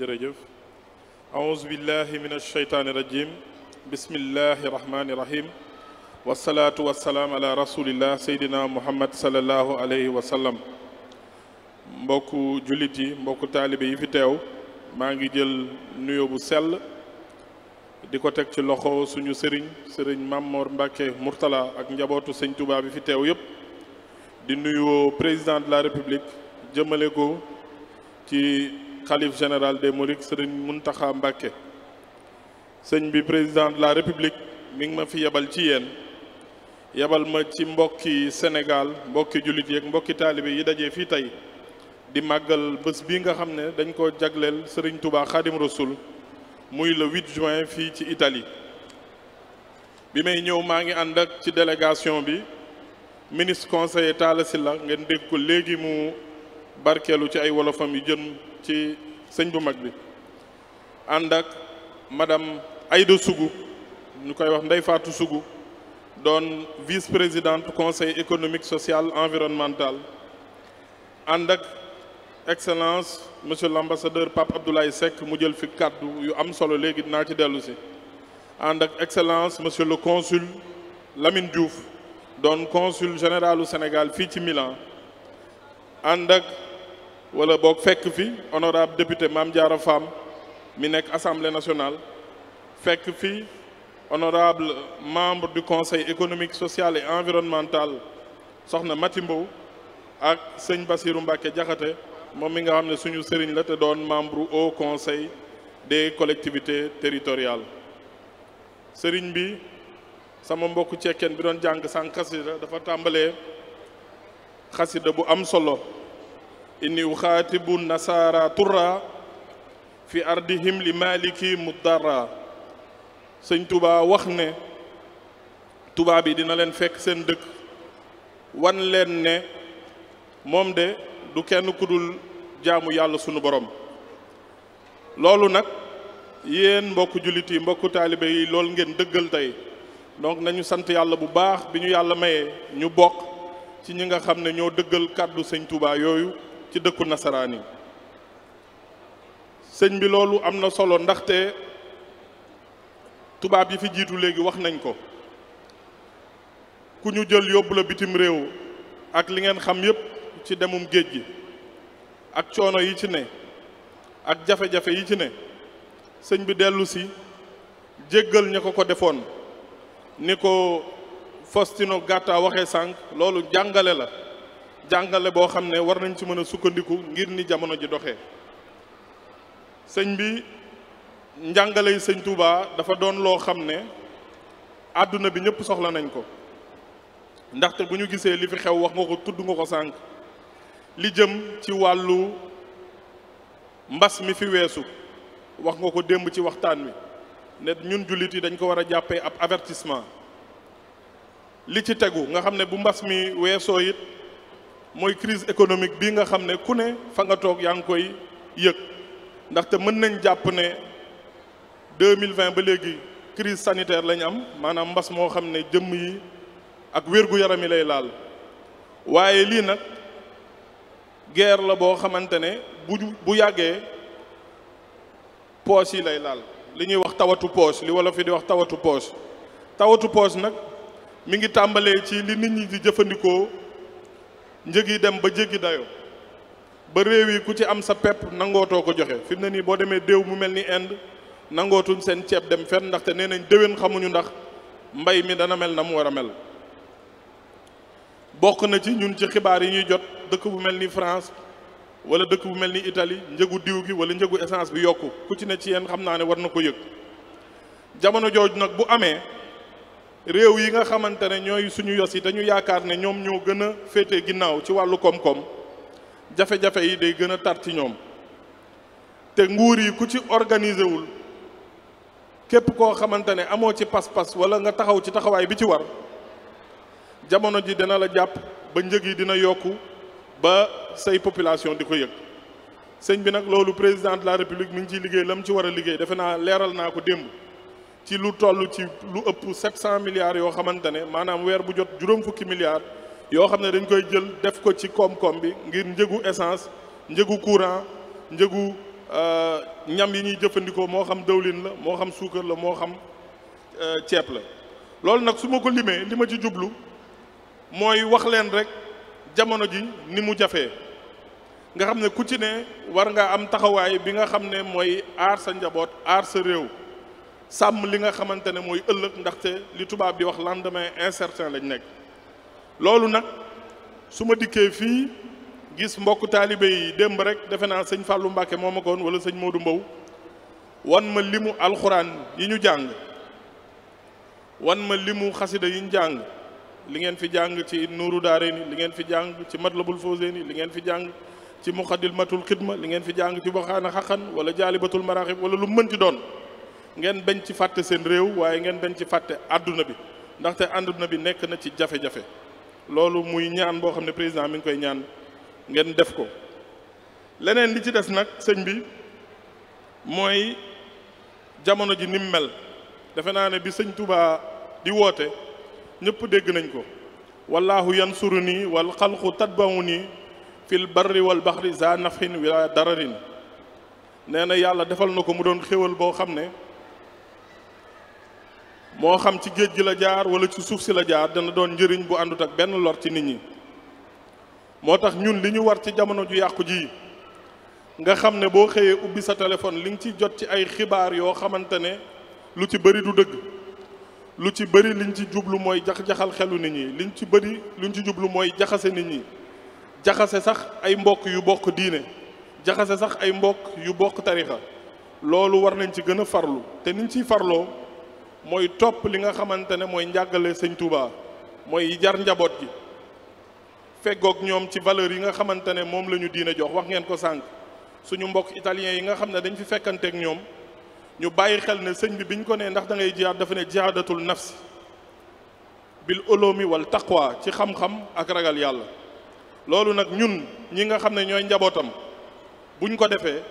jërëjëf aouzu billahi min alsheytaani rajim bismillahi rahmani rahim wasalaatu wasalaam ala rasulillah seydina muhammad salallahu alayhi wa sallam mbokku jullit yi mbokku taalibe yi fi teew maa ngi jël nuyo bu sell di ko teg ci loxo suñu sëriñ sëriñ Mamor Mbacke Mourtala ak njabootu sëñ Touba bi fi teew yëpp di nuyoo président de la république jëmale ko ci xalif général des Mourides mun Muntaxa Mbàkke sëñ bi président de la république mi ngi ma fi yebal ci yéen yebal ma ci mbokki Sénégal mbokki jullit yeeg mbokki taalibe yi dajee fii tey di màggal bés bi nga xam ne dañ ko jagleel sëriñ Touba Xaadim Rasul muy le 8 juin fii ci itali bi may ñëw maa ngi ànd ak ci délégation bi ministre conseiller Talla Sylla ngeen dégg ko léegi mu barkeelu ci ay wolofam yu jëm ci sëñ bu mag bi ànd ak madame Aïda Sougou ñu koy wax Ndeye Fatou Sougou doon vice-présidente conseil économique social environnemental ànd ak excellence monsieur l'ambassadeur Pape Abdoulaye Seck mu jël fi kàddu yu am solo léegi naa ci dellusi ànd ak excellence monsieur le consul Lamine Diouf doon consul général u Sénégal fii ci Milan ànd ak wala boog fekk fi honorable député Mame Diarra Fam mi nekk assemblée nationale fekk fi honorable membre du conseil économique social et environnemental soxna Mati Mbow ak sëñ Bassirou Mbacké Diakhaté moom mi nga xam ne suñu sëriñ la te doon membre au conseil des collectivité territoriales sëriñ bi sama mbokku cekkeen bi doon jàng sànq xasida dafa tàmbalee xasida bu am solo إني أخاطب النصارى ترى في أرضهم لمالكي مضطرا sëñ tuba wax ne tubaab yi dina leen fekk seen dëkk wan leen ne moom de du kenn ku dul jaamu yàlla sunu boroom loolu nag yéen mbokk jullit yi mbokku taalibe yi loolu ngeen dëggal tey donc nañu sant yàlla bu baax bi ñu yàlla maye ñu bokk ci ñi nga xam ne ñoo dëggal kàddu sëñ tubaa yooyu ci dëkku nasaraan yi sëñ bi loolu am na solo ndaxte tubaab yi fi jiitu léegi wax nañ ko ku ñu jël yóbbu la bitim réew ak li ngeen xam yépp ci demum géej gi ak coono yi ci ne ak jafe-jafe yi ci ne sëñ bi dellu si jéggal ña ko ko defoon ni ko Faustino Gatta waxee sànq loolu jàngale la jàngale boo xam ne war nañ ci mën a sukkandiku ngir ni jamono ji doxee sëñ bi njàngale yi sëñ Touba dafa doon loo xam ne àdduna bi ñëpp soxla nañ ko ndaxte bu ñu gisee li fi xew wax nga ko tudd nga ko sànq li jëm ci wàllu mbas mi fi weesu wax nga ko démb ci waxtaan wi ne ñun jullit yi dañ ko war a jàppee ab avertissement li ci tegu nga xam ne bu mbas mi weesoo it mooy crise économique bii nga xam ne ku ne fa nga toog yaa ngi koy yëg ndaxte mën nañ jàpp ne 2020 ba léegi crise sanitaire lañ am maanaam mbas moo xam ne jëmm yi ak wérgu yaram yi lay laal waaye lii nag guerre la boo xamante ne bu bu yàggee poos yi lay laal li ñuy wax tawatu poos li wolof yi di wax tawatu poos tawatu poos nag mi ngi tàmbalee ci li nit ñi di jëfandikoo njëg yi dem ba jéggi dayoo ba réew yi ku ci am sa pepp nangootoo ko joxe fi na nii boo demee déew mu mel ni Inde nangootuñu seen ceeb dem fenn ndaxte nee nañ déwén xamuñu ndax mbay mi dana mel na mu war a mel. bokk na ci ñun ci xibaar yi ñuy jot dëkk bu mel ni France wala dëkk bu mel ni Italie njëgu diw gi wala njëgu essence bi yokk ku ci ne ci yéen xam naa ne war na ko yëg jamono jooju nag bu amee. réew yi nga xamante ne ñooy suñu yos yi dañu yaakaar ne ñoom ñoo gën a féete ginnaaw ci wàllu koom-koom jafe-jafe yi day gën a tar ci ñoom te nguur yi ku ci organisé wul képp koo xamante ne amoo ci pas-pas wala nga taxaw ci taxawaay bi ci war jamono ji dina la jàpp ba njëg yi dina yokk ba say population di ko yëg sëñ bi nag loolu président de la république mi ngi ciy liggéey la mu ci war a liggéey defe naa leeral naa ko démb ci lu toll ci lu ëpp 700 milliards yoo xamante ne maanaam weer bu jot juróom fukki milliards yoo xam ne dañ koy jël def ko ci koom-koom bi ngir njëgu essence njëgu courant njëgu euh, ñam yi ñuy jëfandikoo moo xam dëwlin la moo xam suukar la moo xam euh, ceeb la loolu nag su ma ko limee li ma ci jublu mooy wax leen rek jamono ji ni mu jafee nga xam ne ku ci ne war nga am taxawaay bi nga xam ne mooy aar sa njaboot aar sa réew sàmm li nga xamante ne mooy ëllëg ndaxte li tubaab di wax lendemain incertain lañu nekk loolu nag su ma dikkee fii gis mbokk taalibe yi démb rek defe naa sëñ fàllu Mbacke moo magoon ko woon wala sëñ Modou Mbow wan ma limu alxuraan yi ñu jàng wan ma limu xasida yi ñu jàng li ngeen fi jàng ci nuuru daare ni li ngeen fi jàng ci matlabul fawzé ni li ngeen fi jàng ci muqaddimatul xidma li ngeen fi jàng ci waxaana xaqan wala jaalibatul maraaxib wala lu mënti doon ngeen bañ ci fàtte seen réew waaye ngeen bañ ci fàtte àdduna bi ndaxte àdduna bi nekk na ci jafe-jafe loolu muy ñaan boo xam ne président mi ngi koy ñaan ngeen def ko leneen li ci des nag sëñ bi mooy jamono ji nim mel defe naa ne bi sëñ Touba di woote ñëpp dégg nañ ko wallahu yansuru nii wal xalqu tatbawu nii fil barri wal baxri za nafhin wala dararin nee na yàlla defal na ko mu doon xéwal boo xam ne moo xam ci géej gi la jaar wala ci suuf si la jaar dana doon njëriñ bu àndut ak benn lor ci nit ñi moo tax ñun li ñu war ci jamono ju yàqu ji nga xam ne boo xëyee ubbi sa téléphone li nga ci jot ci ay xibaar yoo xamante ne lu ci bëri du dëgg lu ci bëri liñ ci jublu mooy jax-jaxal xelu nit ñi liñ ci bëri luñ ci jublu mooy jaxase nit ñi jaxase sax ay mbokk yu bokk diine jaxase sax ay mbokk yu bokk tarixa loolu war nañ ci gën a farlu te niñ ciy farloo mooy topp li nga xamante ne mooy njàggale sëñ Touba mooy jar njaboot gi fegook ñoom ci valeur yi nga xamante ne moom la ñu diine jox wax ngeen ko sànq suñu mbokk italien yi nga xam ne dañ fi fekkanteeg ñoom ñu bàyyi xel ne sëñ bi biñ ko nee ndax da ngay jihaad dafa ne jihaadatul nafsi bil mi wal taqwa ci xam-xam ak ragal yàlla loolu nag ñun ñi nga xam ne ñooy njabootam buñ ko defee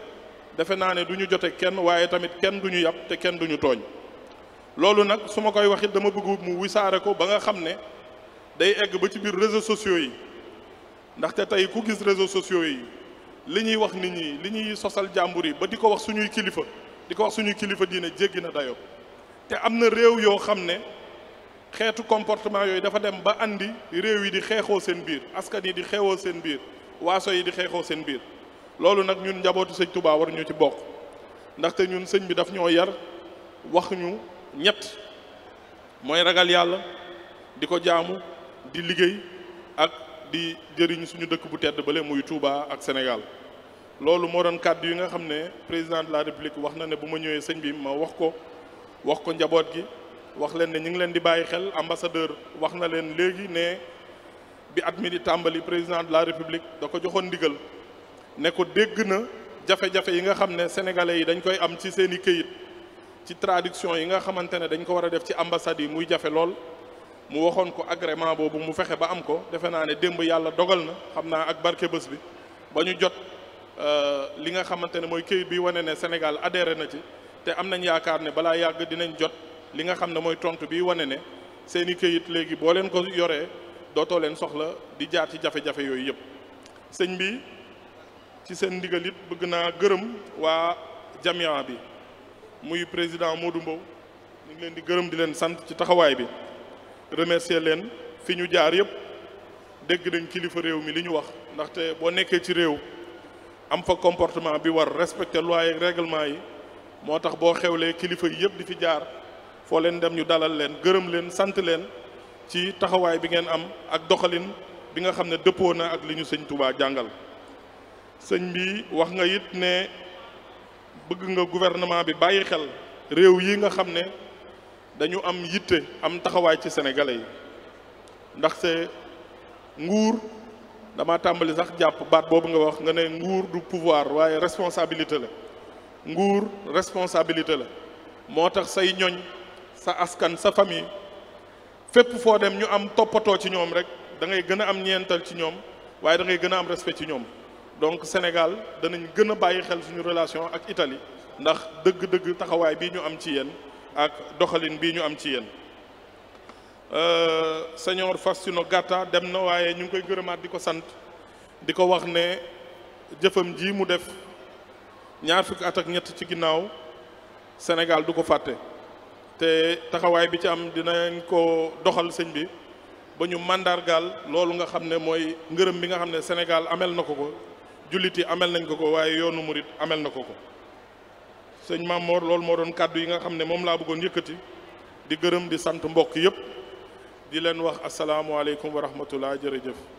defe naa ne duñu jote kenn waaye tamit kenn du ñu yàpp te kenn du ñu tooñ loolu nag su ma koy wax dama bëgg mu wisaare ko ba nga xam ne day egg ba ci biir réseau sociaux yi ndaxte tey ku gis réseaux sociaux yi li ñuy wax nit ñi li ñuy sosal jàmbur yi ba di ko wax suñuy kilifa di ko wax suñuy kilifa diine jéggi na dayo te am na réew yoo xam ne xeetu comportement yooyu dafa dem ba andi réew yi di xeexoo seen biir askan yi di xeexoo seen biir waaso yi di xeexoo seen biir loolu nag ñun njabootu sëñ Touba war ñu ci bokk ndaxte ñun sëñ bi daf ñoo yar wax ñett mooy ragal yàlla di ko jaamu di liggéey ak di jëriñ suñu dëkk bu tedd bale muy Touba ak Sénégal loolu moo doon kàddu yi nga xam ne président de la république wax na ne bu ma ñëwee sëñ bi ma wax ko wax ko njaboot gi wax leen ne ñu ngi leen di bàyyi xel ambassadeur wax na leen léegi ne bi at mi di tàmbali président de la république da ko joxoon ndigal ne ko dégg na jafe-jafe yi nga xam ne sénégalais yi dañ koy am ci seen i këyit ci traduction yi nga xamante ne dañ ko war a def ci ambassade yi muy jafe lool mu waxoon ko agrément boobu mu fexe ba am ko defe naa ne démb yàlla dogal na xam naa ak barke bés bi ba ñu jot euh, li nga xamante ne mooy këyit bi wane ne Sénégal adhéré na ci te am nañ yaakaar ne balaa yàgg dinañ jot li nga xam ne mooy tontu bi wane ne seeni i këyit léegi boo leen ko yoree dootoo leen soxla di jaar ci jafe-jafe yooyu yëpp sëñ bi ci seen ndigal it bëgg naa gërëm waa jamia bi muy président Modou Mbow ñu leen di gërëm di leen sant ci taxawaay bi remercier leen fi ñu jaar yëpp dégg nañ kilifa réew mi li ñu wax ndaxte boo nekkee ci réew am fa comportement bi war respecter loi réglement yi moo tax boo xewlee kilifa yi yëpp di fi jaar foo leen dem ñu dalal leen gërëm leen sant leen ci taxawaay bi ngeen am ak doxalin bi nga xam ne dëppoo na ak li ñu sëñ Touba jàngal sëñ bi wax nga it ne bëgg nga gouvernement bi bàyyi xel réew yi nga xam ne dañu am yitte am taxawaay ci sénégalais yi ndax ndaxte nguur dama tàmbali sax jàpp baat boobu nga wax nga ne nguur du pouvoir waaye responsabilité la nguur responsabilité la moo tax say ñoñ sa askan sa famille fépp foo dem ñu am toppatoo ci ñoom rek da ngay gën a am ñeental ci ñoom waaye da ngay gën a am respect ci ñoom donc Sénégal danañ gën a bàyyi xel suñu relation ak itali ndax dëgg-dëgg taxawaay bii ñu am ci yéen ak doxalin bii ñu am ci yéen euh, Seigneur Faustino Gatta dem na waaye ñu ngi koy gërëmaat di ko sant di ko wax ne jëfam ji mu def ñaar fukki at ñett ci ginnaaw Sénégal du ko fàtte te taxawaay bi ci am dinañ ko doxal sëñ bi ba ñu màndargaal loolu nga xam ne mooy ngërëm bi nga xam ne Sénégal ameel na ko ko jullit yi amel nañ ko ko waaye yoonu murit amel na ko ko sëñ Mamor loolu moo doon kàddu yi nga xam ne moom laa bëggoon yëkkati di gërëm di sant mbokk yëpp di leen wax asalaamualeykum wa rahmatullah jërëjëf